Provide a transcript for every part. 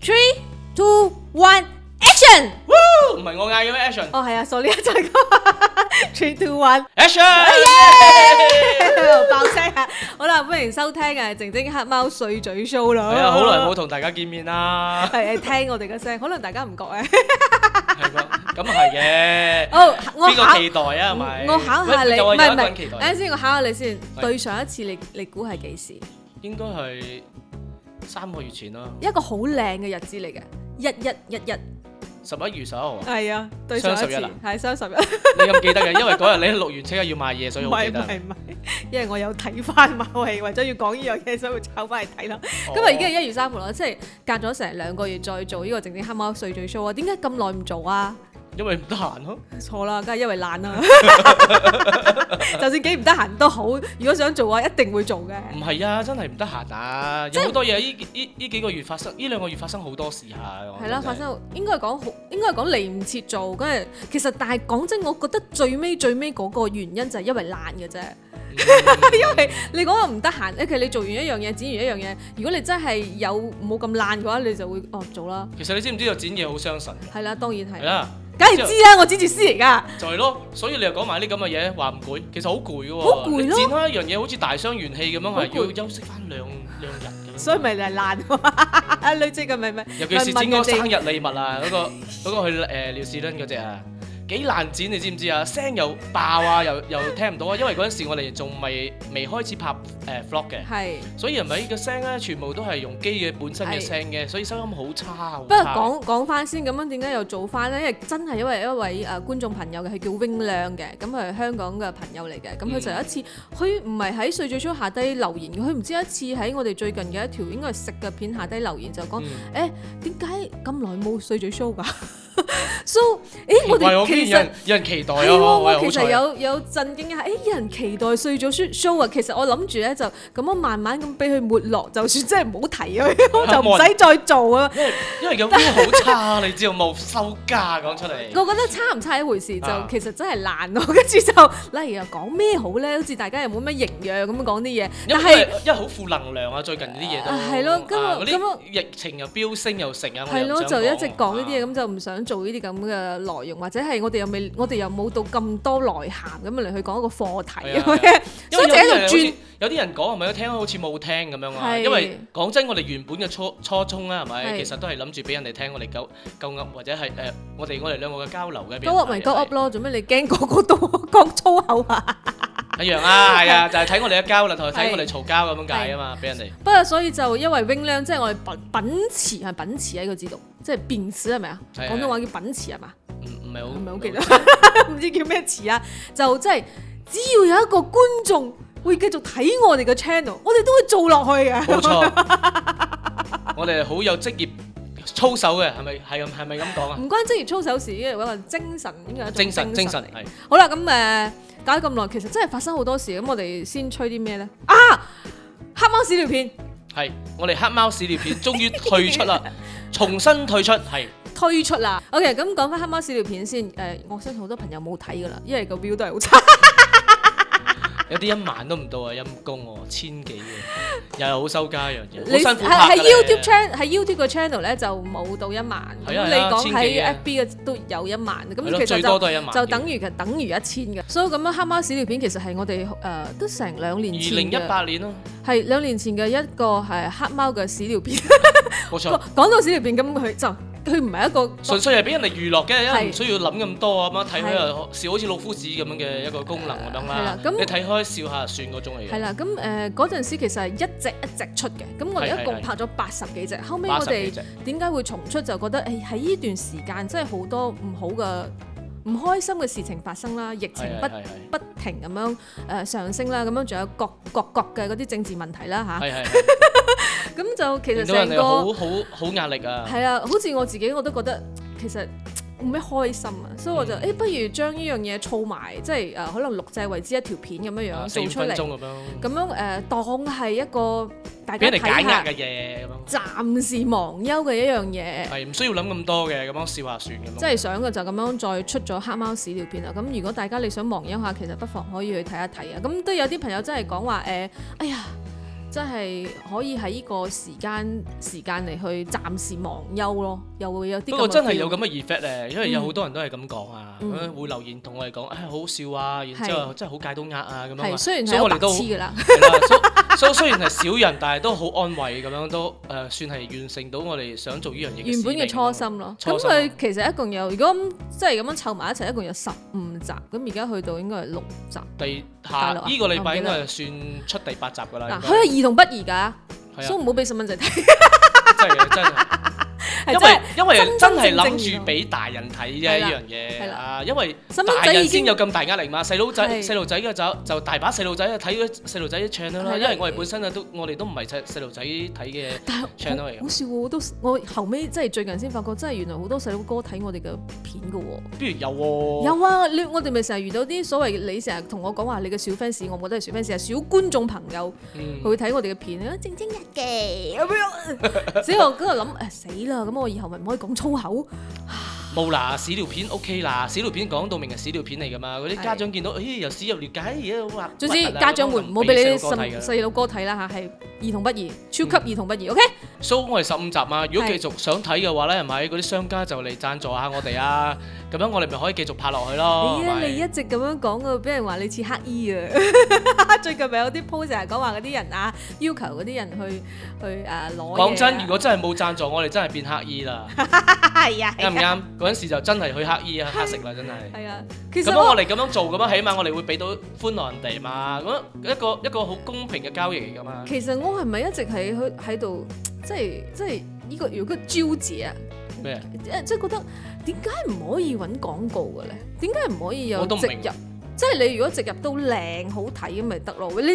Three, two, one, action！唔係我嗌嘅咩？action 哦係啊，sorry 啊，再講。Three, two, one, action！哦耶！爆聲啊！好啦，歡迎收聽啊，靜晶黑貓碎嘴 show 咯。係啊，好耐冇同大家見面啦。係聽我哋嘅聲，可能大家唔覺啊。係咯，咁啊係嘅。哦，邊個期待啊？係咪？我考下你，唔係唔係。等陣先，我考下你先。對上一次你你估係幾時？應該係。三個月前咯，一個好靚嘅日子嚟嘅，一一一一十一月十號，啊，係啊，雙十一啦，係雙十一。你咁記得嘅？因為嗰日你喺錄完車要買嘢，所以我記得。唔係唔係，因為我有睇翻馬戲，為咗要講呢樣嘢，所以炒翻嚟睇啦。哦、今日已經係一月三號啦，即係隔咗成兩個月再做呢個靜晶黑貓碎嘴 show 啊！點解咁耐唔做啊？因為唔得閒咯，錯啦，梗係因為懶啦。 就算幾唔得閒都好，如果想做嘅話，一定會做嘅。唔係啊，真係唔得閒啊，即有好多嘢呢呢呢幾個月發生，呢兩個月發生好多事下，係啦，發生應該講應該講嚟唔切做。跟住其實，但係講真，我覺得最尾最尾嗰個原因就係因為懶嘅啫。嗯、 因為你講個唔得閒，尤其你做完一樣嘢，剪完一樣嘢，如果你真係有冇咁懶嘅話，你就會哦做啦。其實你知唔知做剪嘢好傷神？係啦、嗯啊，當然係。梗係知啦，我剪接師嚟噶。就係咯，所以你又講埋啲咁嘅嘢，話唔攰，其實好攰嘅。好攰咯！剪開一樣嘢，好似大傷元氣咁樣，我係要休息翻兩兩日咁。 所以咪嚟難啊！類似咁嘅咪咪，尤其是問完 剪嗰個生日禮物啊，嗰、 嗰個、嗰個去誒，尿屎樽嗰隻啊，幾難剪，你知唔知啊？聲又爆啊，又又聽唔到啊，因為嗰陣時我哋仲未。未開始拍誒 Vlog 嘅，係，所以阿米個聲咧，全部都係用機嘅本身嘅聲嘅，所以收音好差，好差。不過講講翻先，咁樣點解又做翻咧？因為真係因為一位誒觀眾朋友嘅，係叫 Wing 亮嘅，咁係香港嘅朋友嚟嘅。咁佢就有一次，佢唔係喺碎嘴 show 下低留言，佢唔知一次喺我哋最近嘅一條應該係食嘅片下低留言就講，誒點解咁耐冇碎嘴 show 㗎？show 誒我哋其實有人期待啊，係，其實有有震驚一下，誒有人期待碎嘴 show show。其實我諗住咧就咁樣慢慢咁俾佢沒落，就算真係唔好提佢，就唔使再做啊！因為因為有啲好差啊，你知道冇收家講出嚟。我覺得差唔差一回事，就其實真係爛咯。跟住就，例如又講咩好咧？好似大家又冇咩營養咁講啲嘢。因為因為好負能量啊，最近呢啲嘢。係咯，今日咁啊，疫情又飆升又成啊，係咯，就一直講呢啲嘢，咁就唔想做呢啲咁嘅內容，或者係我哋又未，我哋又冇到咁多內涵咁嚟去講一個課題啊。所以這有啲人講係咪都聽好似冇聽咁樣啊！因為講真，我哋原本嘅初初衷啦，係咪？其實都係諗住俾人哋聽，我哋夠夠噏或者係誒，我哋我哋兩個嘅交流嘅。夠噏咪夠噏咯，做咩？你驚個個都講粗口啊？一樣啊，係啊，就係睇我哋嘅交流同埋睇我哋嘈交咁樣解啊嘛，俾人哋。不過所以就因為永亮即係我哋品品詞係品詞喺呢個知道，即係變詞係咪啊？廣東話叫品詞係嘛？唔唔係好唔係好記得，唔知叫咩詞啊？就即係只要有一個觀眾。會繼續睇我哋嘅 channel，我哋都會做落去嘅。冇錯錯， 我哋好有職業操守嘅，係咪？係係咪咁講啊？唔關職業操守事，因為搵個精神，應該係一種精神，精神。精神精神係。好啦，咁誒，搞咗咁耐，其實真係發生好多事，咁我哋先吹啲咩咧？啊，黑貓屎尿片係我哋黑貓屎尿片終於退出啦， 重新退出係。退出啦。OK，咁講翻黑貓屎尿片先。誒、呃，我相信好多朋友冇睇噶啦，因為個 view 都係好差。有啲一萬都唔到啊，陰功哦，千幾嘅，又係好收加一樣嘢，好辛苦拍緊嘅，你喺 YouTube channel 喺 YouTube 個 channel 咧就冇到一萬，咁你講喺 FB 嘅都有一萬，咁其實就就等於其等於一千嘅。所以咁樣黑貓屎尿片其實係我哋誒都成兩年前二零一八年咯，係兩年前嘅一個係黑貓嘅屎尿片，冇錯。講到屎尿片咁佢就。佢唔係一個純粹係俾人哋娛樂嘅，因為唔需要諗咁多啊，咁樣睇開又笑，好似老夫子咁樣嘅一個功能咁樣啦。呃、你睇開笑下算嗰種嘅嘢。係啦，咁誒嗰陣時其實係一隻一隻出嘅，咁我哋一共拍咗八十幾隻。是的，是的後尾我哋點解會重出就覺得誒，喺呢段時間真係好多唔好嘅。唔開心嘅事情發生啦，疫情不是是是不停咁樣誒上升啦，咁樣仲有各各國嘅嗰啲政治問題啦吓，咁、啊、是 就其實成個好好好壓力啊，係啊，好似我自己我都覺得其實。冇咩開心啊，所以我就誒、嗯欸，不如將呢樣嘢儲埋，即係誒、呃，可能錄製為之一條片咁樣樣做出嚟，咁樣誒、呃，當係一個大家解壓嘅嘢，咁樣暫時忘憂嘅一樣嘢，係唔、嗯、需要諗咁多嘅，咁樣笑話算咁。即係想嘅就咁樣再出咗黑貓屎尿片啦。咁如果大家你想忘憂下，其實不妨可以去睇一睇啊。咁都有啲朋友真係講話誒，哎呀～真係可以喺呢個時間時間嚟，去暫時忘憂咯，又會有啲不過真係有咁嘅 effect 咧，因為有好多人都係咁講啊，嗯、會留言同我哋講，唉，好笑啊，然之後，是後真係好戒解到壓啊咁樣啊，樣雖然以我哋都黐噶啦。 所、so, 雖然係少人，但係都好安慰咁樣，都誒、呃、算係完成到我哋想做呢樣嘢原本嘅初心咯。咁佢其實一共有，如果即係咁樣湊埋一齊，一共有十五集，咁而家去到應該係六集。第下呢、啊、個禮拜應該係算出第八集㗎啦。佢係、啊、該兒童不宜㗎，啊、所以唔好俾細蚊仔睇。 真 因為因為真係諗住俾大人睇啫呢樣嘢啊，因為大人先有咁大壓力嘛，細路仔細路仔嘅就就大把細路仔啊睇咗細路仔一唱啦，因為我哋本身啊都我哋都唔係細路仔睇嘅唱咯，好笑喎！我都我後尾真係最近先發覺，真係原來好多細路哥睇我哋嘅片㗎喎，邊有喎？有啊！我哋咪成日遇到啲所謂你成日同我講話你嘅小 fans，我唔覺得係小 fans 係小觀眾朋友，佢睇我哋嘅片靜晶日記有咩？所以我咁啊諗死啦！咁我以後咪唔可以講粗口？冇嗱，屎尿片 OK 嗱，屎尿片講到明係屎尿片嚟噶嘛？嗰啲家長見到，咦，又屎入尿雞，好啊！總之家長們唔好俾你啲細佬哥睇啦嚇，係兒童不宜，超級兒童不宜，OK。So 我係十五集嘛，如果繼續想睇嘅話咧，係咪嗰啲商家就嚟贊助下我哋啊？咁樣我哋咪可以繼續拍落去咯。你咧、哎呀，嗎你一直咁樣講，個俾人話你似黑衣啊！ 最近咪有啲 post 係講話嗰啲人啊，要求嗰啲人去去誒攞嘢。講、啊、真，如果真係冇贊助，我哋真係變黑衣啦。係啊 嗎，啱唔啱？嗰陣時就真係去黑衣、啊是，黑色啦，真係。係啊，其實咁我哋咁樣做，咁樣 起碼我哋會俾到歡樂人哋嘛。咁一個一個好公平嘅交易嚟㗎嘛。其實我係咪一直係喺度，即係即係。呢個如果招字啊咩？誒即係覺得點解唔可以揾廣告嘅咧？點解唔可以有植入？即係你如果植入到靚好睇咁咪得咯？你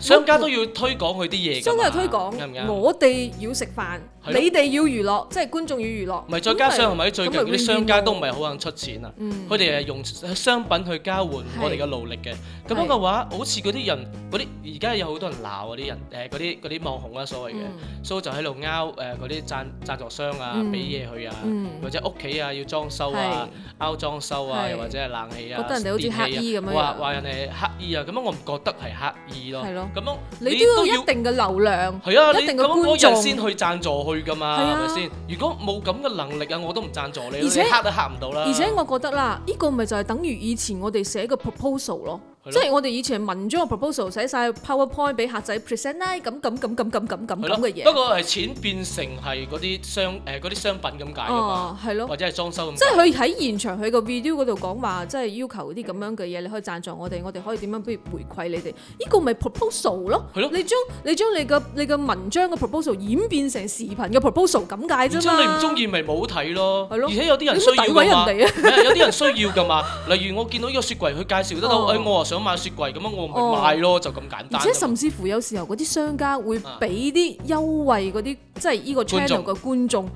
商家都要推廣佢啲嘢。商家推廣，我哋要食飯，你哋要娛樂，即係觀眾要娛樂。唔係再加上，唔係最近啲商家都唔係好肯出錢啊！嗯，佢哋係用商品去交換我哋嘅努力嘅。咁樣嘅話，好似嗰啲人，嗰啲而家有好多人鬧啊！啲人誒，嗰啲嗰啲網紅啊，所謂嘅，所以就喺度拗誒嗰啲贊贊助商啊，俾嘢佢啊，或者屋企啊要裝修啊，拗裝修啊，又或者係冷氣啊、電器啊，覺得人哋好似乞衣咁樣，話話人哋乞衣啊，咁樣我唔覺得係乞衣咯。係咯，咁樣你都要有一定嘅流量，係啊，一定嘅觀眾先去贊助佢㗎嘛，係咪先？如果冇咁嘅能力啊，我都唔贊助你。而且乞都乞唔到啦。而且我覺得啦，呢個咪就係等於以前我哋寫個 proposal 咯。即係我哋以前文章嘅 proposal，寫晒 PowerPoint 俾客仔 present 啦、嗯，咁咁咁咁咁咁咁咁嘅嘢。不過係錢變成係嗰啲商誒嗰啲商品咁解啊嘛，嗯、或者係裝修。即係佢喺現場佢個 video 嗰度講話，即係要求啲咁樣嘅嘢，你可以贊助我哋，我哋可以點樣不如回饋你哋？依個咪 proposal 咯。係咯了。你將你將你個你個文章嘅 proposal 演變成視頻嘅 proposal 咁解啫嘛。即係你唔中意咪冇睇咯。係咯了。而且有啲人需要㗎嘛。唔抵毀人哋啊！ 有啲人需要㗎嘛。例如我見到依個雪櫃，佢介紹得到、嗯哎、我想買雪櫃咁樣我買，我咪買咯，就咁簡單而。而且甚至乎有時候嗰啲商家會俾啲優惠嗰啲，啊、即係依個 channel 嘅觀眾，觀眾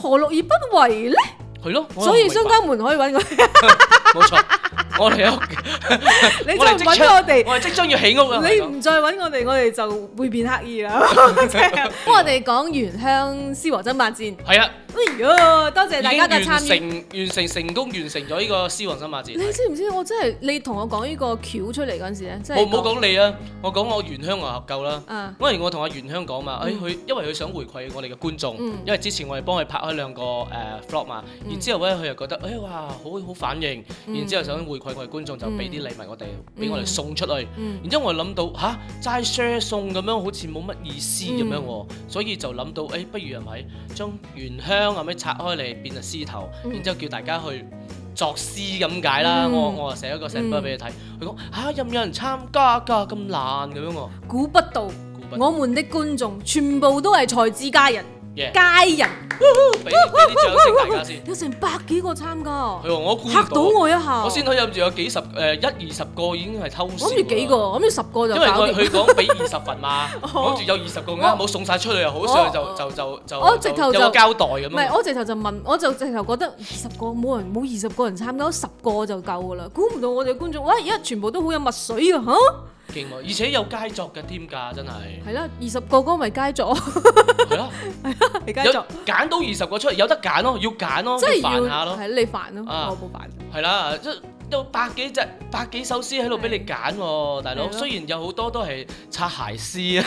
何樂而不為咧？係咯，所以商家們可以揾佢。 冇錯， 我哋屋企。你再唔揾我哋，我哋即將要起屋嘅。你唔再揾我哋，我哋就會變刻意啦。不過，我哋講原鄉獅王爭霸戰。係啊，多謝大家嘅參與。完成，完成，成功完成咗呢個獅王爭霸戰。你知唔知我真係？你同我講呢個橋出嚟嗰陣時咧，冇好講你我我啊！我講我原鄉啊夠啦。嗯。因為我同阿原鄉講嘛，哎佢、嗯、因為佢想回饋我哋嘅觀眾，嗯、因為之前我哋幫佢拍開兩個誒 vlog 嘛，然之後咧佢又覺得，哎哇，好好，好反應。然之後想回饋我哋觀眾，嗯、就俾啲禮物、嗯、我哋，俾我哋送出去。嗯、然之後我哋諗到吓，齋、啊、share 送咁樣，好似冇乜意思咁樣喎。嗯、所以就諗到，誒、哎、不如係咪將原香啊咩拆開嚟變成詩頭？嗯、然之後叫大家去作詩咁解啦。我我寫一個成本俾你睇，佢講嚇有冇人參加㗎？咁難咁樣喎。估不到，不不我們的觀眾全部都係才子佳人。佳人，有成百幾個參加，係我估到，嚇到我一下，我先睇入面有幾十，誒、一二十個已經係偷，我諗住幾個，諗住十個就搞掂，因為佢佢講俾二十份嘛，諗住有二十個啱，冇送晒出去又好，所以就就就就，哦，直頭就交代咁，唔係，我直頭就問，我就直頭覺得二十個冇人冇二十個人參加，十個就夠噶啦，估唔到我哋嘅觀眾，哇，而家全部都好有墨水噶嚇。而且有佳作嘅添㗎，真係。係啦，二十個嗰個咪佳作。係 啦，係佳 作有揀到二十個出嚟，有得揀咯，要揀咯，你煩下咯。係你煩咯，啊、我冇煩。係啦，即。有百幾隻、百幾首詩喺度俾你揀喎，大佬。雖然有好多都係擦鞋詩啊，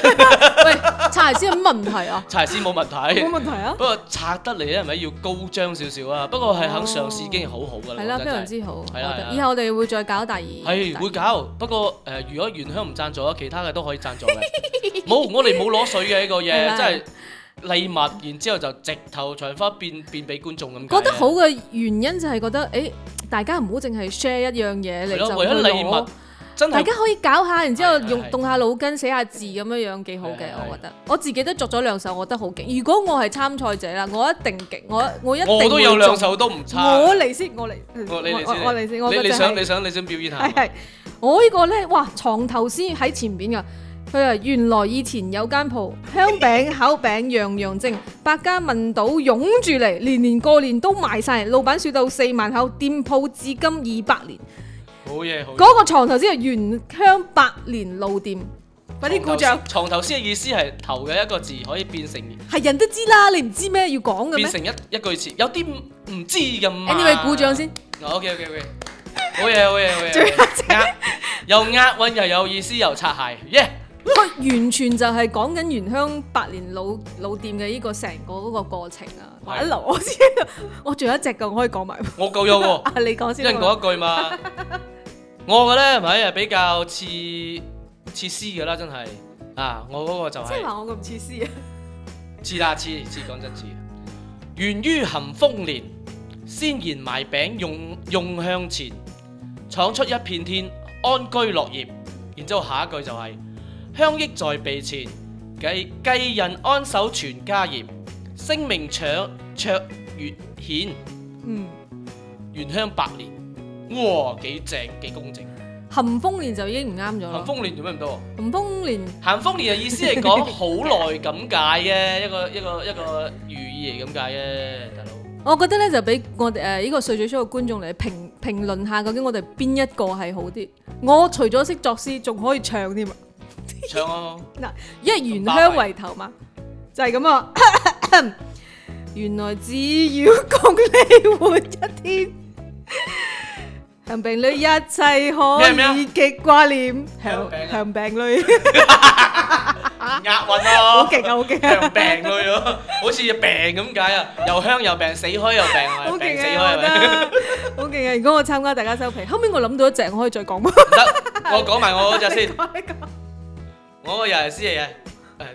喂，擦鞋詩有乜問題啊？擦鞋詩冇問題，冇問題啊。不過拆得嚟咧，係咪要高張少少啊？不過係肯嘗試已經好好噶啦。係啦，非常之好。係啦，以後我哋會再搞第二。係會搞，不過誒，如果原鄉唔贊助啊，其他嘅都可以贊助嘅。冇，我哋冇攞水嘅呢個嘢，真係。禮物，然之後就直頭長花變變俾觀眾咁。覺得好嘅原因就係覺得，誒，大家唔好淨係 share 一樣嘢嚟，為咗禮物，真係，大家可以搞下，然之後用動下腦筋寫下字咁樣樣幾好嘅，我覺得。我自己都作咗兩首，我覺得好勁。如果我係參賽者啦，我一定勁，我我一定。我都有兩首都唔差。我嚟先，我嚟，我嚟先。我你想你想你想表演下？我呢個咧，哇！床頭先喺前邊噶。佢話原來以前有間鋪香餅、烤餅樣樣正，百家聞到湧住嚟，年年過年都賣晒。老闆笑到四萬口，店鋪至今二百年。好嘢！嗰個床頭先係原香百年老店，快啲鼓掌！床頭先嘅意思係頭嘅一個字可以變成係人都知啦，你唔知咩要講嘅咩？變成一一句詞，有啲唔知咁。anyway，鼓掌先。Oh, OK OK OK，好嘢好嘢好嘢，又押韻又有意思又擦鞋，yeah. 我 完全就係講緊原鄉百年老老店嘅呢個成個嗰個過程啊！還留我先，我仲有一隻嘅可以講埋。我夠用喎，你講先，一人講一句嘛。我嘅咧，係咪啊，比較似似詩嘅啦，真係啊，我嗰個就係。即係話我咁似詩啊？似啦，似似講真似。源於含豐蓮，先言埋餅用用向前，闖出一片天，安居樂業。然之後下一句就係。香溢在鼻前，繼繼任安守全家業，聲名長卓越顯。嗯，元香百年，哇，幾正幾公正。咸豐年就已經唔啱咗啦。咸豐年做咩唔多？咸豐年。咸豐年嘅意思係講好耐咁解嘅一個一個一個寓意嚟咁解嘅大佬。我覺得咧就俾我哋誒呢個碎嘴 show 嘅觀眾嚟評評論下究竟我哋邊一個係好啲。我除咗識作詩，仲可以唱添。唱哦，嗱，因為原鄉為頭嘛，就係咁啊。原來只要共你活一天，向病女一切可以極掛念，向病女押韻啊，好勁啊，好勁啊，病病女咯，好似病咁解啊，又香又病，死開又病，好勁啊，死開又病，好勁啊！如果我參加大家收皮，後邊我諗到一隻，我可以再講。得，我講埋我嗰隻先。我又係詩嚟嘅，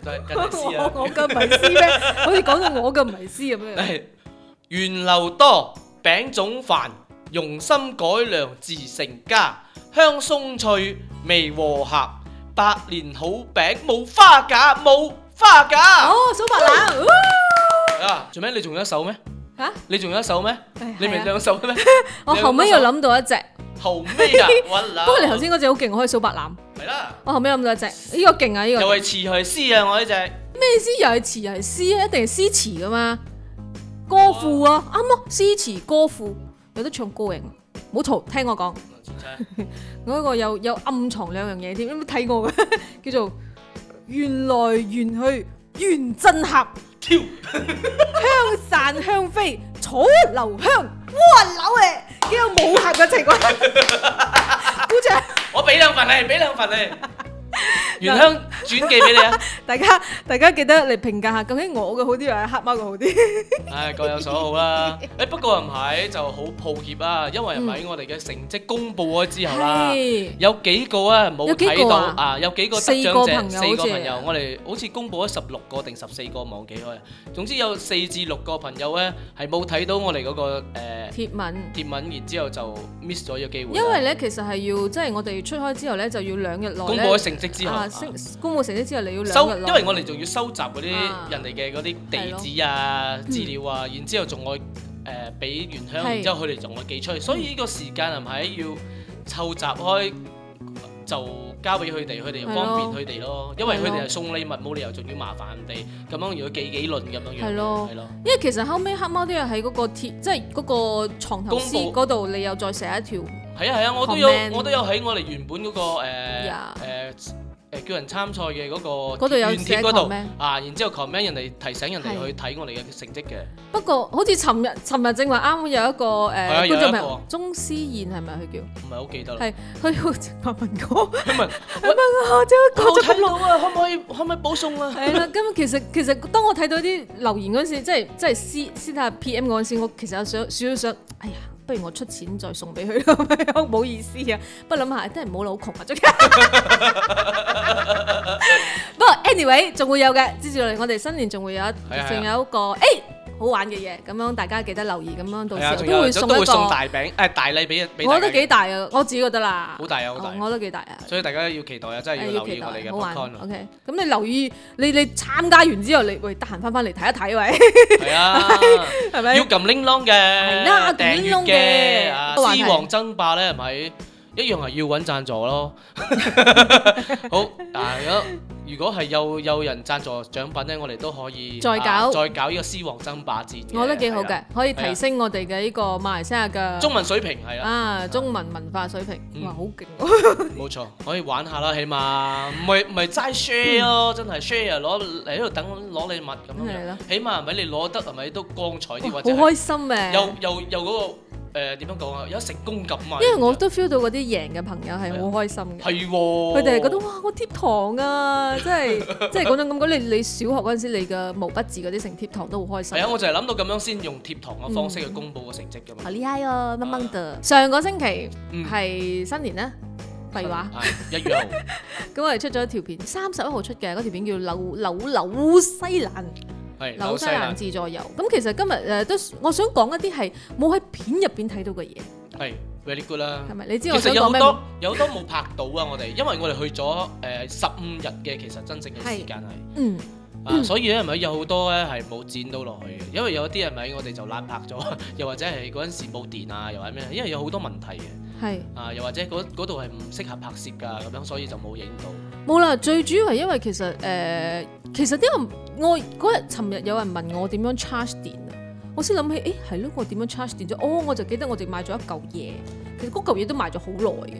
都係近詩啊！我嘅迷思咩？好似講到我嘅迷思咁樣。係，源流多餅種繁，用心改良自成家，香鬆脆味和合，百年好餅冇花假冇花假。哦，蘇白蘭。啊，做咩？你仲有一首咩？吓？你仲有一首咩？你唔係兩首嘅咩？我後尾又諗到一隻。做咩啊？不過你頭先嗰隻好勁，可以數白欖。係啦，我後尾有咁多隻，呢、這個勁啊，呢、這個又係詞又係詩啊！我呢隻咩詩又係詞又係詩啊？一定係詩詞㗎嘛？歌賦啊，啱咯哇，詩詞歌賦有得唱歌型，好嘈，聽我講。我一菜 個有有暗藏兩樣嘢添，有冇睇過嘅？叫做緣來緣去緣真合，跳超 香散香飛楚留香，哇，老誒！幾有武俠嘅情況？姑姐，我俾兩份你，俾兩份你。 原香轉寄俾你啊！大家大家記得嚟評價下，究竟我嘅好啲，又係黑貓嘅好啲？唉，各有所好啦。唉，不過唔係，就好抱歉啊，因為喺我哋嘅成績公布咗之後啦，有幾個啊冇睇到啊，有幾個得獎者，四個朋友，我哋好似公布咗十六個定十四個，忘記咗。總之有四至六個朋友咧係冇睇到我哋嗰個誒貼文，貼文，然之後就 miss 咗呢個機會。因為咧，其實係要即係我哋出開之後咧，就要兩日內公布咗成績。啊！公布成績之後你要收，因為我哋仲要收集嗰啲人哋嘅嗰啲地址啊，資料啊，然之後仲要誒俾原鄉，然之後佢哋仲要寄出去，所以呢個時間係咪要湊集開就交俾佢哋，佢哋又方便佢哋咯？因為佢哋係送禮物，冇理由仲要麻煩人哋，咁樣如果寄幾輪咁樣樣，係咯係咯。因為其實後尾黑貓都係喺嗰個鐵，即係嗰個牀頭公司嗰度，你又再寫一條。係啊係啊，我都有我都有喺我哋原本嗰個誒誒叫人參賽嘅嗰個軟體嗰度啊，然之後 comment 人哋提醒人哋去睇我哋嘅成績嘅。不過好似尋日尋日正話啱好有一個誒，有有一個鍾思燕係咪佢叫？唔係好記得啦。係佢問我，唔係佢問我，就冇睇到啊！可唔可以可唔可以補送啊？係啦，咁其實其實當我睇到啲留言嗰陣時，即係即係私私睇下 PM 嗰陣時，我其實有想少少想，哎呀～不如我出錢再送俾佢咯，唔 好意思啊。不過諗下真係唔好老窮啊！不 過 anyway 仲會有嘅，接住落嚟我哋新年仲會有，一的，仲有一個欸。的好玩嘅嘢，咁樣大家記得留意，咁樣到時都會送大餅，誒大禮俾人俾。我覺得幾大啊，我自己覺得啦。好大啊，好大！我覺得幾大啊，所以大家要期待啊，真係要留意我哋嘅 icon。OK，咁你留意，你你參加完之後，你會得閒翻翻嚟睇一睇，喂。係啊，係咪？要撳 l i 嘅，掟 l i n 嘅，獅王爭霸咧，係咪？一樣係要搵贊助咯，好。但係如果如果係有有人贊助獎品咧，我哋都可以再搞再搞呢個獅王爭霸戰。我覺得幾好嘅，可以提升我哋嘅呢個馬來西亞嘅中文水平，係啊。啊，中文文化水平哇，好勁！冇錯，可以玩下啦，起碼唔係唔係齋 share 咯，真係 share 攞嚟喺度等攞禮物咁樣。係咯。起碼係咪你攞得係咪都光彩啲或者？好開心誒！又又又嗰個。誒點樣講啊？有成功感啊！因為我都 feel 到嗰啲贏嘅朋友係好開心嘅。係喎，佢哋係覺得哇，我貼堂啊！真係，真係嗰種感覺。你你小學嗰陣時，你嘅毛筆字嗰啲成貼堂都好開心。係啊，我就係諗到咁樣先用貼堂嘅方式去公佈個成績㗎嘛。好厲害啊，乜乜嘅！上個星期係新年咧，廢話，係一樣。咁我哋出咗一條片，三十一號出嘅嗰條片叫《扭扭紐西蘭》。紐西蘭自助遊，咁是其實今日誒都我想講一啲係冇喺片入邊睇到嘅嘢，係 very good 啦，係咪、啊？你知道我想講其實有好多，麼有好多冇拍到啊！我哋，因為我哋去咗誒十五日嘅，呃、其實真正嘅時間係，嗯，啊，所以咧，咪有好多咧係冇剪到落去嘅，因為有啲係咪我哋就爛拍咗，又或者係嗰陣時冇電啊，又或者咩？因為有好多問題嘅。係是啊，又或者嗰度係唔適合拍攝㗎，咁樣所以就冇影到。冇啦，最主要係因為其實誒、呃，其實因為我嗰日尋日有人問我點樣 charge 電啊，我先諗起，誒係咯，我點樣 charge 電啫？哦，我就記得我哋買咗一嚿嘢，其實嗰嚿嘢都買咗好耐啊。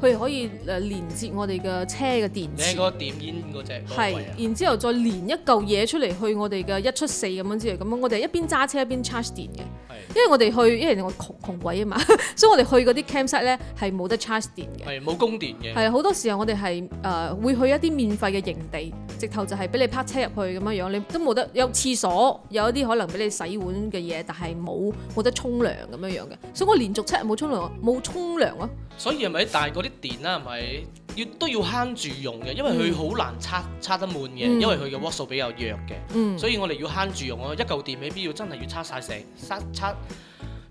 佢可以誒連接我哋嘅車嘅電池，你嗰個點煙嗰隻係然之後再連一舊嘢出嚟去我哋嘅一出四咁樣之類，咁我哋一邊揸車一邊 charge 電嘅，是因為我哋去，因為我窮窮鬼啊嘛， 所以我哋去嗰啲 campsite 咧係冇得 charge 電嘅，係冇供電嘅，係好多時候我哋係誒會去一啲免費嘅營地，直頭就係俾你泊車入去咁樣樣你都冇得有廁所，有一啲可能俾你洗碗嘅嘢，但係冇冇得沖涼咁樣樣嘅，所以我連續七日冇沖涼咯，冇沖涼咯，所以係咪喺大個啲電啦、啊，係咪？要都要慳住用嘅，因為佢好難插插得滿嘅，嗯、因為佢嘅瓦數比較弱嘅，嗯、所以我哋要慳住用咯。一嚿電未必要真係要插晒成，插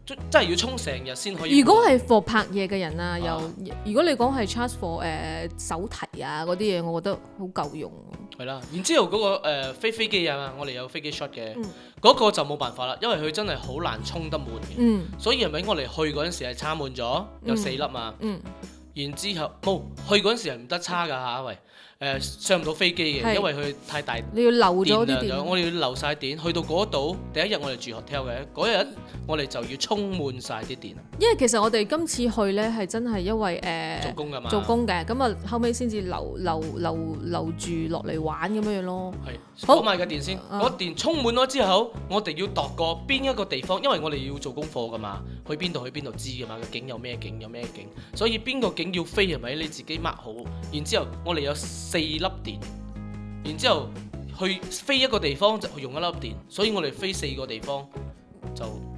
真真係要充成日先可以。如果係 for 拍嘢嘅人啊，又如果你講係 charge for 誒、呃、手提啊嗰啲嘢，我覺得好夠用。係啦，然之後嗰、嗰個誒、呃、飛飛機啊，我哋有飛機 shot 嘅，嗰、嗯、個就冇辦法啦，因為佢真係好難充得滿嘅，嗯、所以係咪我哋去嗰陣時係插滿咗，有四粒啊？嗯嗯。然之後，冇去嗰陣時係唔得差㗎嚇，喂。誒上唔到飛機嘅，因為佢太大。你要留啲電，我哋要留曬電。去到嗰度，第一日我哋住 hotel 嘅，嗰日我哋就要充滿曬啲電啊。因為其實我哋今次去咧係真係因為誒做工㗎嘛，做工嘅咁啊後尾先至留留留留住落嚟玩咁樣樣咯。係，好買個電先，我電充滿咗之後，我哋要度過邊一個地方，因為我哋要做功課㗎嘛，去邊度去邊度知㗎嘛，個景有咩景有咩景，所以邊個景要飛係咪你自己 mark 好，然之後我哋有。四粒電，然之後去飛一個地方就去用一粒電，所以我哋飛四個地方就。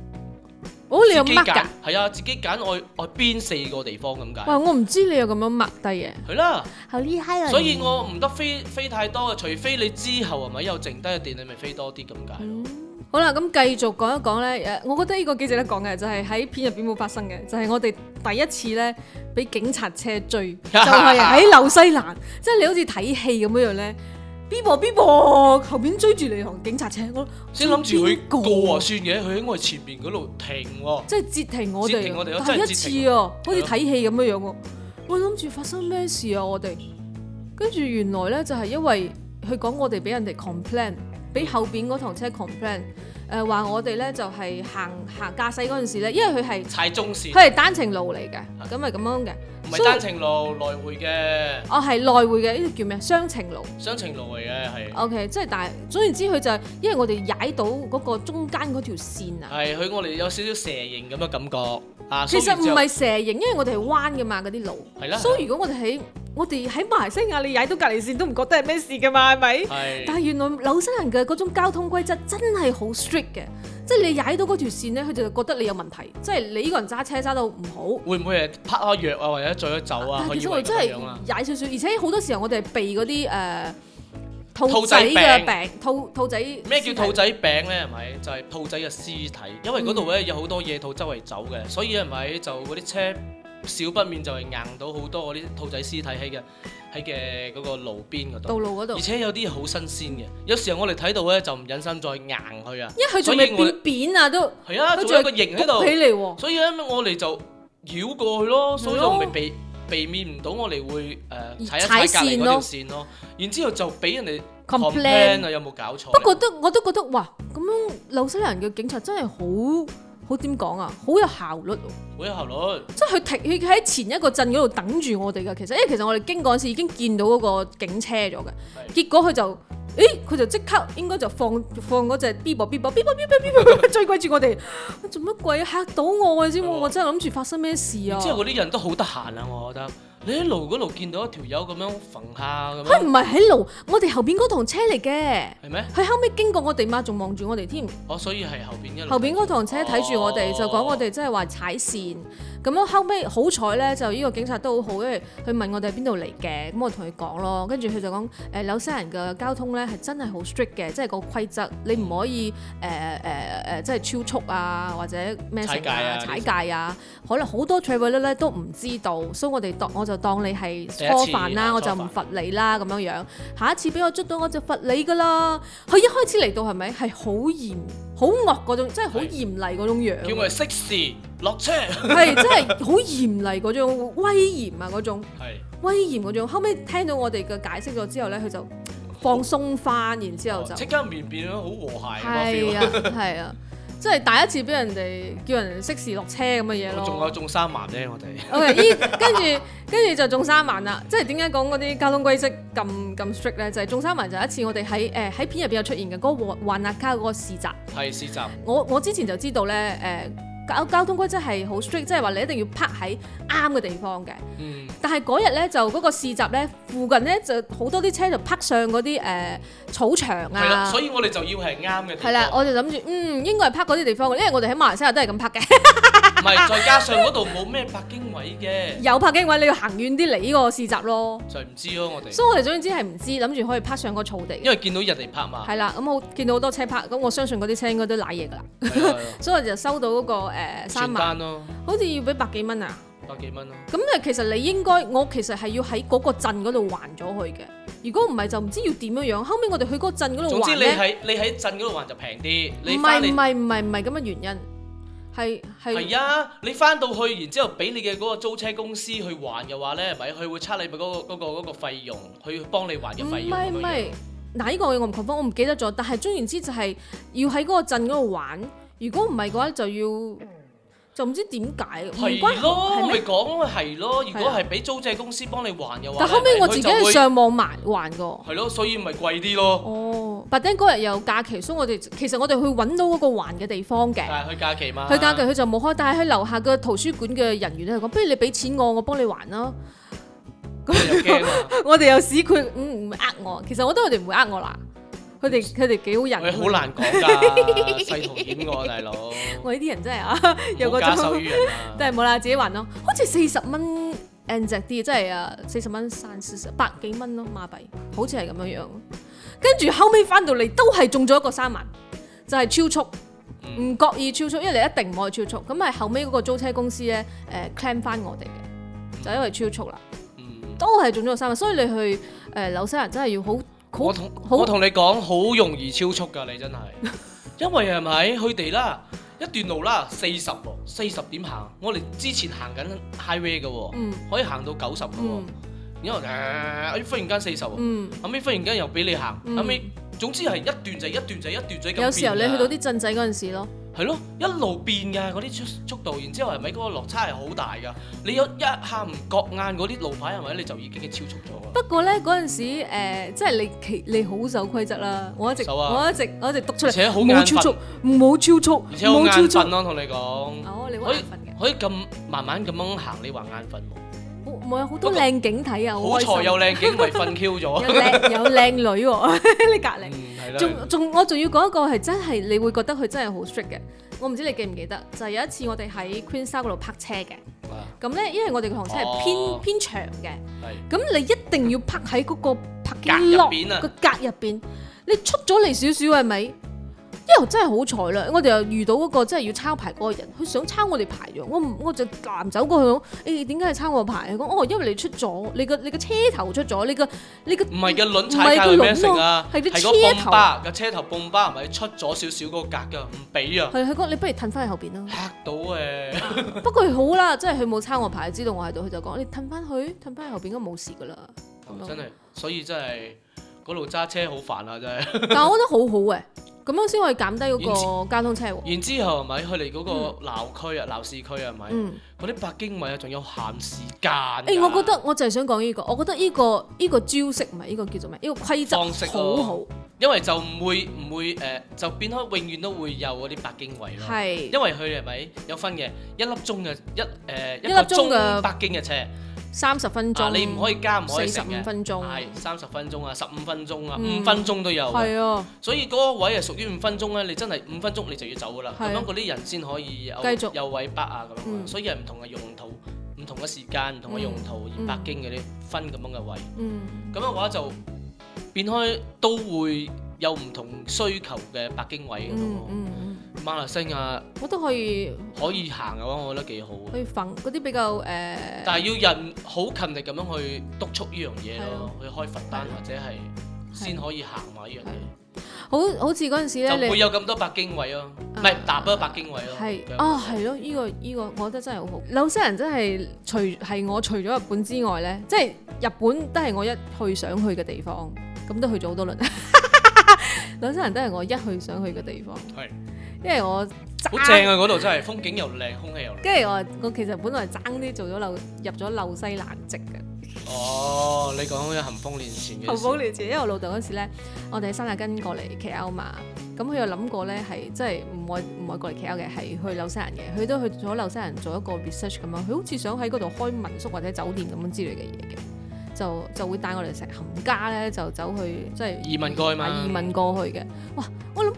哦，你又掹噶？係啊，自己揀外外邊四個地方咁解。哇，我唔知你又咁樣擘低嘢。係啦了，好厲害啊，所以我，我唔得飛飛太多啊，除非你之後係咪有剩低嘅電，你咪飛多啲咁解。嗯、好啦，咁繼續講一講咧。誒，我覺得呢個幾值得講嘅就係、是、喺片入邊冇發生嘅，就係、是、我哋第一次咧俾警察車追，就係、是、喺紐西蘭，即係 你好似睇戲咁樣樣咧。B 噃 B 噃後邊追住你同警察車，我先諗住佢過啊誰算嘅，佢應該係前面嗰度停喎。即係截停我哋，第一次啊，好似睇戲咁樣樣喎。我諗住發生咩事啊我哋，跟住原來咧就係因為佢講我哋俾人哋 complain，俾後邊嗰台車 complain。誒話、呃、我哋咧就係、是、行行駕駛嗰陣時咧，因為佢係踩中線，佢係單程路嚟嘅，咁係咁樣嘅，唔係單程路以來回嘅。哦，係來回嘅，呢啲叫咩？雙程路。雙程路嚟嘅係。O、okay, K，即係但係總言之、就是，佢就係因為我哋踩到嗰個中間嗰條線啊。係，佢我哋有少少蛇形咁嘅感覺。其實唔係蛇形，因為我哋係彎嘅嘛，嗰啲路，係所以如果我哋喺係我哋喺馬來西亞，你踩到隔離線都唔覺得係咩事嘅嘛，係咪係？但係原來紐西蘭嘅嗰種交通規則真係好 strict 嘅。即係你踩到嗰條線咧，佢就覺得你有問題，即係你依個人揸車揸到唔好。會唔會係拍下藥啊，或者醉咗酒啊？其實我真係踩少少，而且好多時候我哋係避嗰啲誒。呃兔仔嘅餅，兔兔仔咩叫兔仔餅咧？係咪就係、是、兔仔嘅屍體？因為嗰度咧有好多野兔周圍走嘅，嗯、所以係咪就嗰啲車少不免就係硬到好多嗰啲兔仔屍體喺嘅喺嘅嗰個路邊嗰度。道路嗰度，而且有啲好新鮮嘅，有時候我哋睇到咧就唔忍心再硬佢啊。因為佢仲未變扁啊都。係啊，仲都 有一個型喺度，起嚟。所以咧，我哋就繞過去咯，咯所以就未被。避免唔到我哋會誒踩、呃、一踩界線嗰條線咯，線咯，然之後就俾人哋 complain 啊，但有冇搞錯？不過都我都覺得哇，咁樣紐西蘭嘅警察真係好～好點講啊，好有效率，好有效率，即係佢停，佢喺前一個鎮嗰度等住我哋噶。其實，誒，其實我哋經過嗰時已經見到嗰個警車咗嘅，結果佢就，誒，佢就即刻應該就放放嗰隻 B 波 B 波 B 波 B 波 B 波追鬼住我哋，做乜鬼啊吓到我嘅啫，Indo、我真係諗住發生咩事啊！即係嗰啲人都好得閒啊，我覺得。你喺路嗰度見到一條友咁樣瞓下咁樣？佢唔係喺路，我哋後邊嗰趟車嚟嘅。係咩嗎？佢後尾經過我哋嘛，仲望住我哋添。哦，所以係後邊一路。後邊嗰趟車睇住我哋，哦、就講我哋即係話踩線。咁樣後尾好彩咧，就呢個警察都好好，因為佢問我哋喺邊度嚟嘅，咁我同佢講咯。跟住佢就講，誒、呃、紐西蘭嘅交通咧係真係好 strict 嘅，即係個規則，你唔可以誒誒誒，即係超速啊或者咩、啊、踩界啊，踩界啊，可能好多 traveler 咧都唔知道，所以我哋當我就當你係初犯啦，我就唔罰你啦咁樣樣。下一次俾我捉到我就罰你㗎喇。佢一開始嚟到係咪係好嚴？好惡嗰種，即係好嚴厲嗰種樣。叫我哋適時落車。係，即係好嚴厲嗰種威嚴啊嗰種。威嚴嗰種，後尾聽到我哋嘅解釋咗之後咧，佢就放鬆返，然之後就即、嗯、刻變變咗好和諧。係啊，係啊。 即係第一次俾人哋叫人識時落車咁嘅嘢咯。仲、嗯、有中三萬啫，我哋。 OK，、e，跟住跟住就中三萬啦。即係點解講嗰啲交通規則咁咁 strict 咧？就係、是、中三萬就一次我。我哋喺誒喺片入邊有出現嘅嗰、那個 Wanaka 嗰個市集。係市集。我我之前就知道咧誒。呃交通規則係好 strict，即係話你一定要 park 喺啱嘅地方嘅。嗯、但係嗰日咧就嗰個市集咧，附近咧就好多啲車就 park 上嗰啲誒草場啊。係啦，所以我哋就要係啱嘅。係啦，我就諗住嗯應該係拍嗰啲地方，因為我哋喺馬來西亞都係咁拍嘅。唔 係，再加上嗰度冇咩泊經位嘅。 有泊經位，你要行遠啲嚟呢個市集咯。就唔知咯、啊，我哋。所以我哋總之係唔知，諗住可以拍上個草地。因為見到人哋拍嘛。係啦，咁好見到好多車 park，咁我相信嗰啲車應該都賴嘢㗎啦。係咯。 所以我就收到嗰、那個。誒、呃、三萬咯，好似要俾百幾蚊啊，百幾蚊咯。咁誒，其實你應該，我其實係要喺嗰個鎮嗰度還咗佢嘅。如果唔係，就唔知要點樣樣。後尾我哋去嗰個鎮嗰度還咧。總之你喺你喺鎮嗰度還就平啲。你唔係唔係唔係唔係咁嘅原因，係係。係啊，你翻到去然之後，俾你嘅嗰個租車公司去還嘅話咧，係咪佢會差你嗰個嗰個嗰個費用去幫你還嘅費用？唔係唔係，嗱呢個我唔講翻，我唔記得咗。但係總言之就係要喺嗰個鎮嗰度還。如果唔係嘅話就，就要就唔知點解。係咯的，我咪講，係咯。如果係俾租借公司幫你還嘅話，但後尾我自己，自己上網還還過。係咯，所以咪貴啲咯。哦，白丁嗰日有假期，所以我哋其實我哋去揾到嗰個還嘅地方嘅。但係佢假期嘛？佢假期佢就冇開，但係佢樓下嘅圖書館嘅人員咧講，不如你俾錢我，我幫你還啦。我哋 我哋又使佢，唔唔呃我。其實我覺得佢哋唔會呃我啦。佢哋佢哋幾好人，好難講㗎，世事 大佬。 我呢啲人真係 種啊， 有個真係冇啦，自己還咯。好似四十蚊 exact 啲，真係啊，四十蚊三四十，百幾蚊咯，馬幣，好似係咁樣樣。跟住後尾翻到嚟都係中咗一個三萬，就係、是、超速，唔覺、嗯、意超速，因為你一定唔可以超速。咁咪後尾嗰個租車公司咧，誒、呃、claim 翻我哋嘅，就因為超速啦，嗯、都係中咗個三萬。所以你去誒紐、呃、西蘭真係要好。我同我同你講好容易超速㗎，你真係， 因為係咪？佢哋啦一段路啦，四十喎，四十、哦、點行，我哋之前行緊 highway 嘅喎、哦，嗯、可以行到九十嘅喎，因為誒，忽然間四十喎，嗯、後尾忽然間又俾你行，嗯、後尾。總之係一段就一段就一段就咁變嘅。有時候你去到啲鎮仔嗰陣時咯，係咯，一路變㗎嗰啲速速度，然之後係咪嗰個落差係好大㗎？你有一下唔覺眼嗰啲路牌，或者你就已經嘅超速咗。不過咧嗰陣時誒，即係你其你好守規則啦，我一直我一直我一直讀出嚟，冇超速，唔好超速，唔好超速咯，同你講。哦，你眼瞓嘅。可以咁慢慢咁樣行，你話眼瞓冇？冇過有好多靚景睇啊！好彩有靚景，咪瞓 Q 咗。有靚有靚女喎，你隔離。嗯，係啦。仲仲我仲要講一個係真係你會覺得佢真係好 strict 嘅。我唔知你記唔記得，就係、是、有一次我哋喺 Queen 莎嗰度泊車嘅。咁咧麼，因為我哋嘅航車係偏、哦、偏長嘅。咁的你一定要泊喺嗰個 parking 入邊個格入邊，你出咗嚟少少係咪？是。因為真係好彩啦，我哋又遇到嗰個真係要抄牌嗰個人，佢想抄我哋牌咗，我唔我就攬走過去講，誒點解係抄我牌？佢講哦，因為你出咗，你個你個車頭出咗，你個你個唔係嘅輪踩架咩成啊？係個 bumper 車頭 bumper 唔係出咗少少嗰個格㗎，唔俾啊！係佢講你不如褪翻去後邊啦。嚇到誒！ 不過好啦，真係佢冇抄我牌，知道我喺度，佢就講你褪翻去，褪翻去後邊應該冇事㗎啦、哦。真係，所以真係嗰度揸車好煩啊！真係，但我覺得好好、啊、誒。咁樣先可以減低嗰個交通車喎。嗯、然之後係咪佢哋嗰個鬧區啊、鬧、嗯、市區啊，咪嗰啲北京位啊，仲有限時間。誒、欸，我覺得我就係想講呢、這個，我覺得呢、這個呢、這個招式唔係呢個叫做咩？呢、這個規則好好、啊，因為就唔會唔會誒、呃，就變開永遠都會有嗰啲北京位。咯是。係，因為佢係咪有分嘅一粒鐘嘅一誒、呃、一粒鐘北京嘅車。三十分鐘，你唔可以加，唔可以成十五分鐘，係三十分鐘啊，十五分鐘啊，五分鐘都有。所以嗰個位係屬於五分鐘咧。你真係五分鐘你就要走噶啦，咁是、啊、樣嗰啲人先可以有繼續有位北啊咁樣。所以係唔同嘅用途，唔同嘅時間，唔同嘅用途、嗯、而北京嘅啲分咁樣嘅位。咁咁嘅話就變開都會。有唔同需求嘅北京位，馬來西亞我都可以可以行嘅話，我覺得幾好。可以嗰啲比較誒，但係要人好勤力咁樣去督促呢樣嘢咯，去開罰單或者係先可以行埋呢樣嘢。好好似嗰陣時咧，就會有咁多北京位咯，唔係大多北京位咯。係啊，係咯，呢個呢個，我覺得真係好好。有些人真係除係我除咗日本之外咧，即係日本都係我一去想去嘅地方，咁都去咗好多輪。紐西蘭都係我一去想去嘅地方，係因為我好正啊！嗰度真係風景又靚，空氣又靚。跟住我，我其實本來爭啲做咗留入咗紐西蘭籍嘅。哦，你講嗰啲恆豐年前嘅恆豐年前，因為我老豆嗰時咧，我哋喺新加坡嚟騎歐嘛，咁佢又諗過咧，係即係唔係唔係過嚟騎歐嘅，係去紐西蘭嘅，佢都去咗紐西蘭做一個 research 咁樣，佢好似想喺嗰度開民宿或者酒店咁樣之類嘅嘢嘅。就就會帶我哋成行家咧，就走去即係、就是、移，移，移民過去，移民過去嘅。哇！我諗，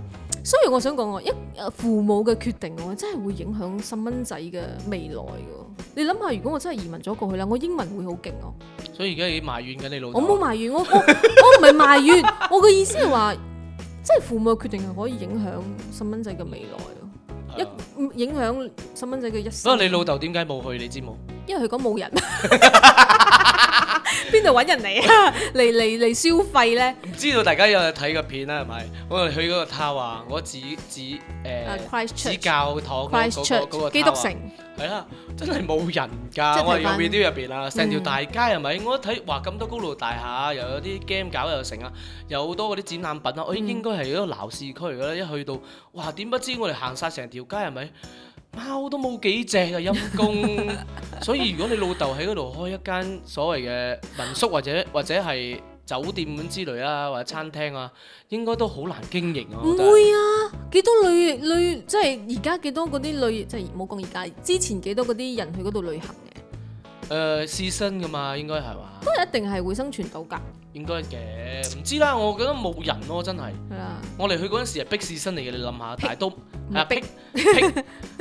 雖然我想講我一父母嘅決定，我真係會影響細蚊仔嘅未來嘅。你諗下，如果我真係移民咗過去咧，我英文會好勁哦。所以而家你埋怨緊你老豆，我冇埋怨，我我唔係埋怨， 我嘅意思係話，即係父母嘅決定係可以影響細蚊仔嘅未來，一、uh, 影響細蚊仔嘅一生。不過你老豆點解冇去？你知冇？因為佢講冇人，邊度揾人嚟啊？嚟嚟嚟消費咧？唔知道大家有冇睇個片啊？係咪我哋去嗰個塔話，我指指誒指教堂嗰個嗰個基督城係啦，真係冇人㗎！我哋入面啲入邊啦，成條大街係咪？我一睇，哇咁多高樓大廈啊，又有啲 game 搞又成啊，有好多嗰啲展覽品啊！我應應該係一個鬧市區嚟㗎啦，一去到，哇點不知我哋行曬成條街係咪？貓都冇幾隻啊，陰公。 所以如果你老豆喺嗰度開一間所謂嘅民宿或者或者係酒店咁之類啦，啊，或者餐廳啊，應該都好難經營啊。唔會啊，幾多旅旅，即係而家幾多嗰啲旅，即係冇講而家，之前幾多嗰啲人去嗰度旅行嘅。誒試身噶嘛，應該係嘛？都係一定係會生存到㗎。應該嘅，唔知啦。我覺得冇人咯，真係。係啊。我哋去嗰陣時係逼試身嚟嘅，你諗下。但係都啊逼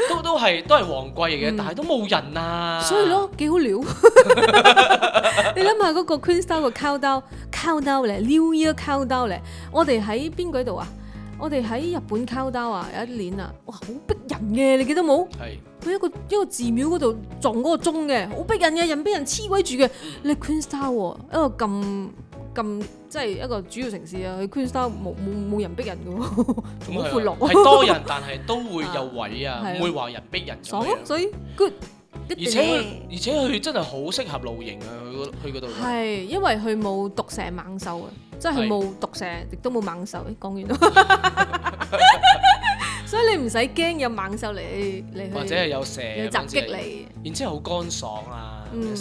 都都係都係旺季嚟嘅，但係都冇人啊。所以咯，幾好料。你諗下嗰個 Queen Star 個 Cowdow，Cowdow 咧，New Year Cowdow 咧，我哋喺邊度啊？我哋喺日本 Cowdow 啊！有一年啊，哇，好逼人嘅，你記得冇？係。佢一個一個寺廟嗰度撞嗰個鐘嘅，好逼人嘅，人逼人黐鬼住嘅。你 Queenstown 一個咁咁即係一個主要城市啊，佢 Queenstown 冇冇冇人逼人嘅喎，好闊落。係 多人， 但係都會有位啊，唔、啊、會話人逼人咁樣。對所以 good，而且而且佢真係好適合露營啊！去嗰度。係因為佢冇毒蛇猛獸啊。即係冇毒蛇亦都冇猛獸講完。 所以你唔使驚有猛獸嚟嚟去，或者係有蛇襲擊你。然之後好乾爽啊！嗯，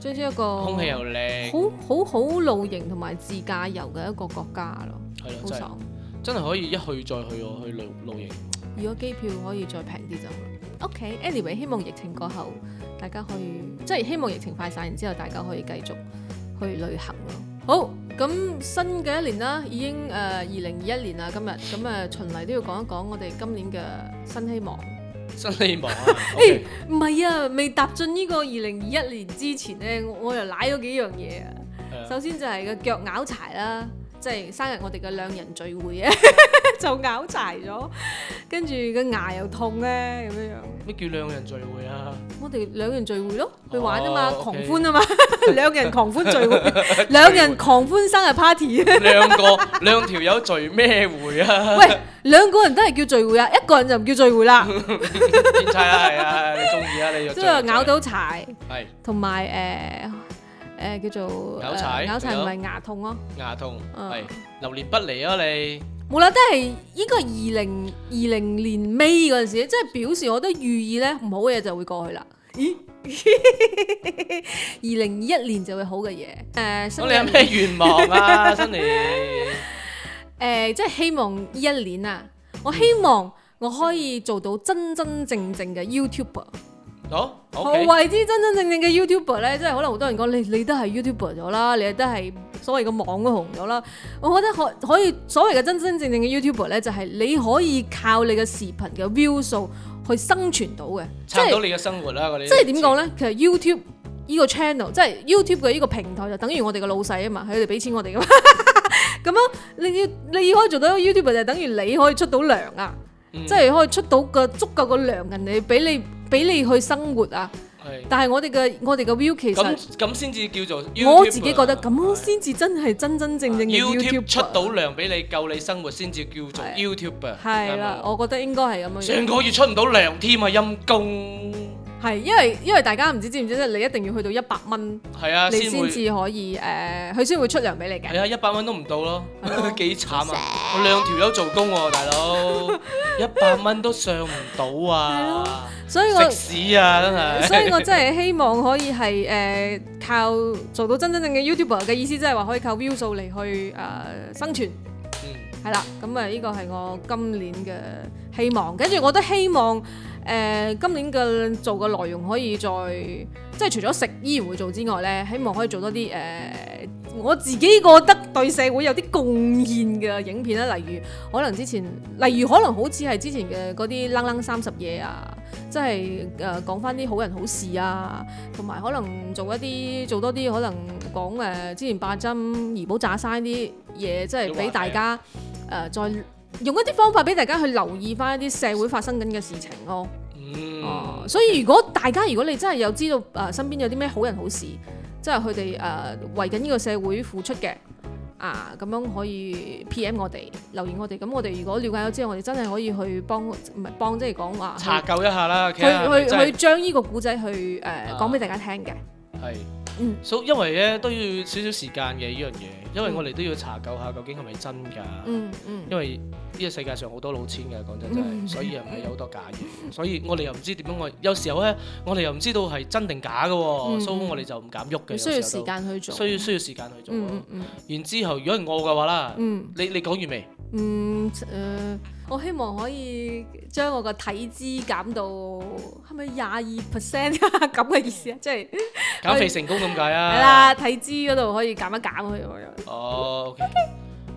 最主要一個空氣又靚，好好好露營同埋自駕遊嘅一個國家咯。係好爽，就是、真係可以一去再去哦，去露露營。如果機票可以再平啲就好。好 OK，anyway，、okay, 希望疫情過後大家可以，即、就、係、是、希望疫情快晒，然之後大家可以繼續去旅行咯。好，咁新嘅一年啦，已經誒二零二一年啦，今日咁誒、呃、循例都要講一講我哋今年嘅新希望。新希望啊？誒唔係啊，未踏進呢個二零二一年之前咧，我又舐咗幾樣嘢啊。Yeah. 首先就係個腳拗柴啦。即係生日，我哋嘅兩人聚會啊，就 咬柴咗，跟住個牙又痛咧，咁樣樣。咩叫兩人聚會啊？我哋兩人聚會咯，去玩啊嘛，oh, okay. 狂歡啊嘛， 兩個人狂歡聚會， 兩人狂歡生日 party 啊會。 兩個兩條友聚咩會啊？喂，兩個人都係叫聚會啊，一個人就唔叫聚會啦。天差啦，係啊，你中意啊，你又中。都係咬到柴。係是。同埋誒。呃誒、呃，叫做咬柴，咬柴唔係牙痛咯，牙痛係、嗯、流年不利咯，你冇啦都係應該二零二零年尾嗰陣時，即係表示我都寓意咧，唔好嘅嘢就會過去啦。二零二一年就會好嘅嘢。誒、呃，新年你有咩願望啊？新年誒，即係希望呢一年啊，我希望我可以做到真真正正嘅 YouTuber。何謂之真真正正嘅 YouTuber 咧？即係可能好多人講你，你都係 YouTuber 咗啦，你都係所謂嘅網都紅咗啦。我覺得可可以所謂嘅真真正正嘅 YouTuber 咧，就係、是、你可以靠你嘅視頻嘅 view 數去生存到嘅是，即係你嘅生活啦。即係點講咧？其實 YouTube 呢個 channel，即係 YouTube 嘅呢個平台，就等於我哋嘅老細啊嘛，喺度俾錢我哋㗎。咁 樣，你要你要可以做到 YouTuber，就等於你可以出到糧啊，即係、嗯、可以出到個足夠嘅糧，人哋俾你。俾你去生活啊！但係我哋嘅我哋嘅 view 其實咁咁先至叫做，我自己覺得咁先至真係真真正正 you。YouTube 出到糧俾你，夠你生活先至叫做 YouTube 啊的！係啦吧，我覺得應該係咁樣。上個月出唔到糧添啊，陰公。係，因為因為大家唔知知唔知啫，你一定要去到一百蚊，係啊，你先至可以誒，佢、呃、先會出糧俾你嘅。係啊，一百蚊都唔到咯，幾、嗯、哼慘啊！啊我兩條友做工喎、啊，大佬，一百蚊都上唔到啊！所以食屎啊！真係，所以我、啊、真係希望可以係誒、呃、靠做到真真正嘅 YouTuber 嘅意思，即係話可以靠 view 數嚟去誒、呃、生存。嗯，係啦，咁啊，呢個係我今年嘅希望，跟住我都希望。誒、呃、今年嘅做嘅內容可以再即係除咗食依然會做之外咧，希望可以做多啲誒、呃、我自己覺得對社會有啲貢獻嘅影片啦。例如可能之前，例如可能好似係之前嘅嗰啲《楞楞三十夜》啊，即係誒講返啲好人好事啊，同埋可能做一啲做多啲可能講誒、呃、之前八針怡保炸晒啲嘢，即係俾大家誒、嗯呃、再。用一啲方法俾大家去留意返一啲社會發生緊嘅事情咯，哦、嗯啊，所以如果大家如果你真係有知道誒身邊有啲咩好人好事，即係佢哋誒為緊呢個社會付出嘅，啊咁樣可以 PM 我哋留言我哋，咁我哋如果了解咗之後，我哋真係可以去幫唔係幫，即係講話查究一下啦，okay，去、啊、去去將呢個故仔去誒、呃啊、講俾大家聽嘅，係。嗯，所、so, 因為咧都要少少時間嘅呢樣嘢，因為我哋都要查究下究竟係咪真㗎、嗯。嗯嗯。因為呢個世界上好多老千嘅，講真真係，嗯、所以又唔係有好多假嘢。嗯、所以我哋又唔知點樣，我有時候咧，我哋又唔知道係真定假嘅喎。嗯。所以我哋就唔敢喐嘅。需要時間去做。需要需要時間去做。嗯嗯、然之後，如果係我嘅話啦、嗯，你你講完未？嗯，呃我希望可以將我個體脂減到係咪廿二 percent 咁嘅意思啊，即係減肥成功咁解啊！係啦，體脂嗰度可以減一減佢。哦，O K，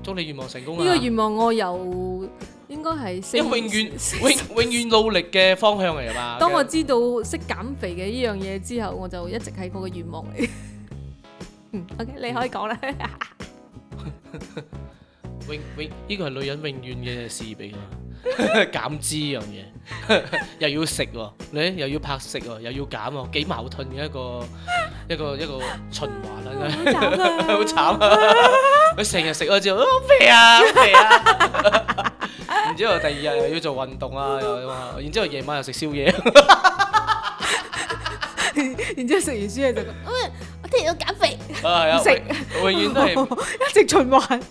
祝你願望成功。呢個願望我由應該係一永遠永永遠努力嘅方向嚟㗎嘛。當我知道識減肥嘅呢樣嘢之後，我就一直係嗰個願望嚟。嗯，O K，你可以講啦。永永呢個係女人永遠嘅事業病啊，減 脂呢樣嘢，又要食喎，你又要拍食喎，又要減啊，幾矛盾嘅一個 一個一個，一個循環啦，好慘啊！佢成日食咗之後，好肥啊，肥啊！然之後第二日又要做運動啊，又嘛，然之後夜晚又食宵夜， 然之後食完宵夜就，因為我聽日要減肥。啊，係啊，永遠都係一直循環，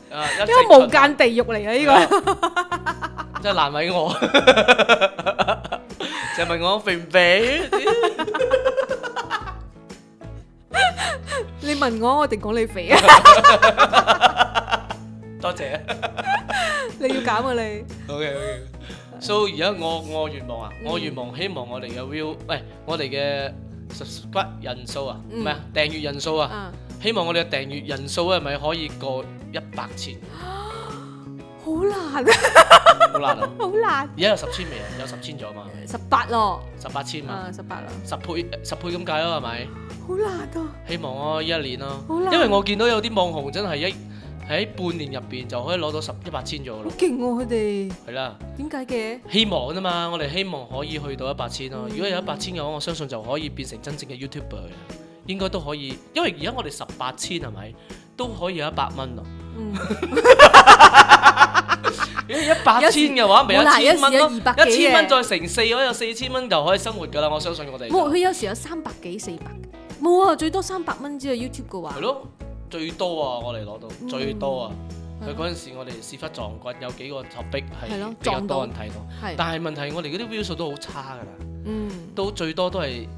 因為無間地獄嚟嘅呢個，真係難為我。就問我肥唔肥？你問我，我定講你肥啊？多謝啊！你要減啊你？OK，OK。So 而家我我願望啊，我願望希望我哋嘅 view，喂我哋嘅 subscribe 人數啊，唔係啊訂閱人數啊。希望我哋嘅訂閱人數係咪可以過一百千？好 難、啊、 難啊！好 難啊！好難！而家有十千未啊？有十千咗嘛？十八咯！十八千嘛？十八咯！十倍十倍咁解咯，係咪？好 難啊！希望咯、啊，依一年咯、啊。好難、啊，因為我見到有啲網紅真係一喺半年入邊就可以攞到十一百千咗咯。好勁喎，佢哋。係啦了。點解嘅？希望啫、啊、嘛，我哋希望可以去到一百千咯、啊。嗯、如果有一百千嘅、啊、話，我相信就可以變成真正嘅 YouTuber。應該都可以，因為而家我哋十八千係咪都可以有一百蚊咯？一百千嘅話，咪有一千蚊咯，一千蚊再乘四，我有四千蚊就可以生活㗎啦！我相信我哋。冇，佢有時有三百幾、四百，冇啊，最多三百蚊只係 YouTube 嘅話。係咯，最多啊！我哋攞到最多啊！佢嗰陣時，我哋屎忽撞棍，有幾個石壁係比較多人睇到，但係問題我哋嗰啲 view 數都好差㗎啦，嗯，都最多都係。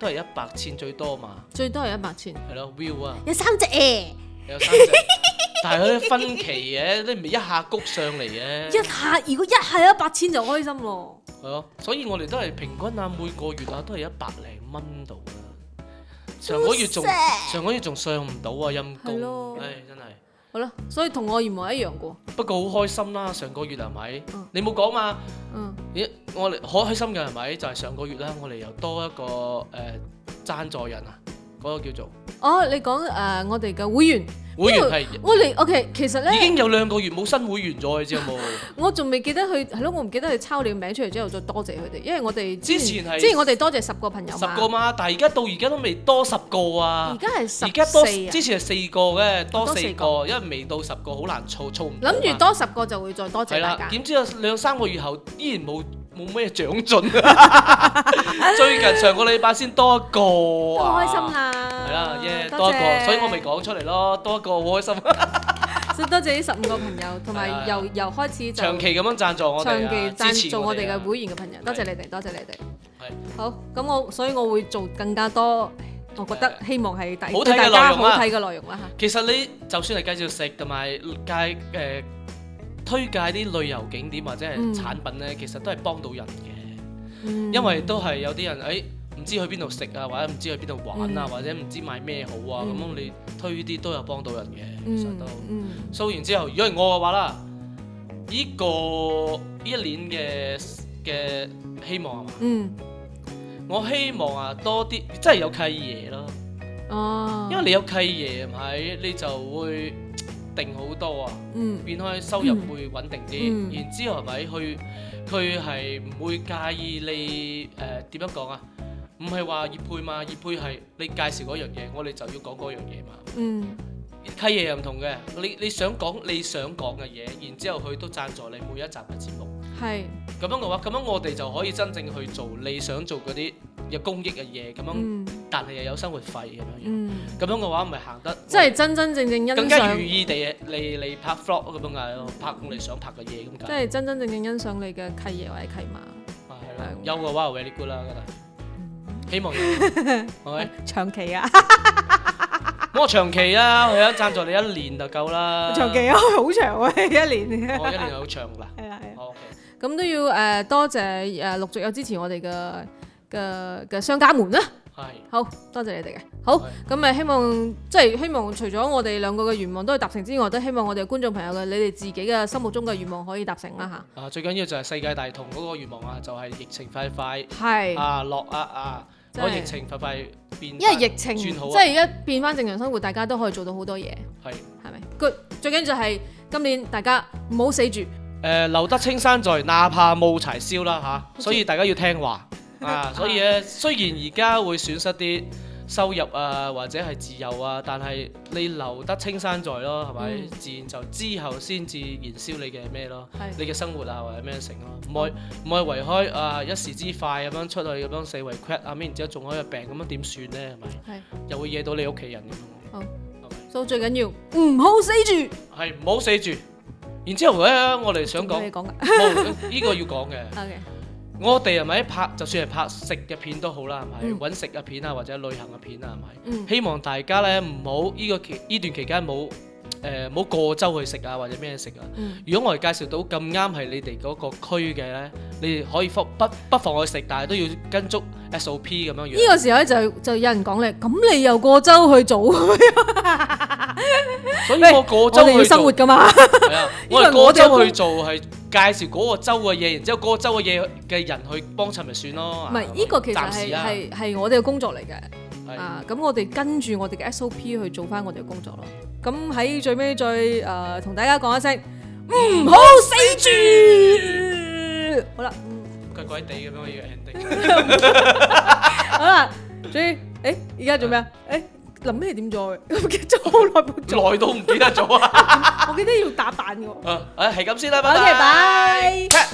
都係一百千最多嘛，最多係一百千，係咯，View 啊，有三隻嘢，有三隻， 但係佢啲分期嘅，啊， 你唔係一下谷上嚟嘅，啊，一下如果一下一百千就開心咯，係咯，所以我哋都係平均啊，每個月啊都係一百零蚊度啦，上個月仲上個月仲上唔到啊，陰功。唉的、哎，真係。好啦，所以同我原來一樣嘅。不過好開心啦、啊，上個月係咪？嗯、你冇講嘛？嗯、咦，我哋好開心嘅係咪？就係、是、上個月啦，我哋又多一個誒、呃、贊助人啊，嗰、那個叫做。哦，你講誒、呃、我哋嘅會員。會員係，我嚟 OK，其實咧已經有兩個月冇新會員咗你知啫冇 ？我仲未記得佢係咯，我唔記得佢抄你個名出嚟之後，再多謝佢哋，因為我哋之前係之，前之前我哋多謝，謝十個朋友，十個嘛，但係而家到而家都未多十個啊。而家係十、啊，而家多之前係四個嘅，多四個，四個因為未到十個，好難湊湊唔。諗住多十個就會再多謝大家。點知兩三個月後依然冇。冇咩長進，最近上個禮拜先多一個啊！好開心啦，係啦，耶，多一個，所以我咪講出嚟咯，多一個好開心。所以多謝呢十五個朋友，同埋由由開始長期咁樣贊助我，長期贊助我哋嘅會員嘅朋友，多謝你哋，多謝你哋。好，咁我所以，我會做更加多，我覺得希望係帶俾大家好睇嘅內容啦。其實你就算係繼續食同埋街誒。推介啲旅遊景點或者係產品咧，嗯、其實都係幫到人嘅，嗯、因為都係有啲人誒，唔、哎、知去邊度食啊，或者唔知去邊度玩啊，嗯、或者唔知買咩好啊，咁、嗯、樣你推啲都有幫到人嘅，其實都。掃、嗯嗯、完之後，如果係我嘅話啦，呢、呢個呢一年嘅嘅希望，嘛、嗯、我希望啊多啲真係有契爺咯，哦、因為你有契爺唔係你就會定好多啊，嗯、變開收入會穩定啲。嗯嗯、然之後係咪去，佢係唔會介意你誒點樣講啊？唔係話業配嘛，業配係你介紹嗰樣嘢，我哋就要講嗰樣嘢嘛。嗯，契嘢又唔同嘅，你你想講你想講嘅嘢，然之後佢都贊助你每一集嘅節目。係是。咁樣嘅話，咁樣我哋就可以真正去做你想做嗰啲有公益嘅嘢咁樣。嗯但係又有生活費咁樣樣，咁樣嘅話唔係行得。即係真真正正欣賞，喂更加如意地，你你拍 vlog 咁樣噶咯，拍你想拍嘅嘢咁解。即係真真正正欣賞你嘅契爺或者契媽。係、啊、啦，對休嘅話 very good 啦，覺得希望係咪長期啊？我長期啦，我想贊助你一年就夠啦。 長期啊，好長啊，一年。我 、oh, 一年長 好長噶係啊，咁、okay、都要誒多謝誒陸續有支持我哋嘅嘅嘅商家們啦。好多謝你哋嘅好，咁誒是、嗯嗯、希望即係、就是、希望除咗我哋兩個嘅願望都係達成之外，都希望我哋觀眾朋友嘅你哋自己嘅心目中嘅願望可以達成啦吓。嗯、啊，最緊要就係世界大同嗰個願望啊，就係、是、疫情快快係啊落啊啊，個、啊啊、疫情快快變，因為疫情即係而家變翻正常生活，大家都可以做到好多嘢，係係咪？Good，最緊要就係今年大家唔好死住誒、呃，留得青山在，哪怕冇柴燒啦吓，所以大家要聽話。 啊，所以咧，雖然而家會損失啲收入啊，或者係自由啊，但係你留得青山在咯，係咪、嗯？自然就之後先至燃燒你嘅咩咯，是你嘅生活啊，或者咩成咯，唔、嗯、可唔可為開啊一時之快咁樣出去咁樣四圍 cut 啊然之後仲可以病咁樣點算咧？係咪？是又會惹到你屋企人嘅。好，所以 okay.、so、最緊要唔好死住。係唔好死住。然之後咧，我哋想講，呢、 這個要講嘅。 我哋咪拍就算係拍食嘅片都好啦，係咪？揾、嗯、食嘅片啊，或者旅行嘅片啊，係咪？嗯、希望大家咧唔好呢、呢個期呢段期間冇。唔好、呃、過州去食啊，或者咩食啊？嗯、如果我哋介紹到咁啱係你哋嗰個區嘅咧，你哋可以不不妨去食，但係都要跟足 SOP 咁樣。呢個時候咧就就有人講咧，咁你又過州去做？ 所以我過州去，喂去做生活噶嘛。 啊、我哋過州去做係介紹嗰個州嘅嘢，然之後過州嘅嘢嘅人去幫襯咪算咯。唔係呢個其實係係、啊、我哋嘅工作嚟嘅。啊，咁我哋跟住我哋嘅 SOP 去做翻我哋嘅工作咯。咁喺最尾再誒同大家講一聲，唔好死住。好啦，怪怪地咁樣，我要 ending。好啦，注意，誒而家做咩啊？誒諗咩點做嘅？我唔記得咗好耐冇做，耐到唔記得咗啊！我記得要打板嘅。嗯，誒係咁先啦，拜拜。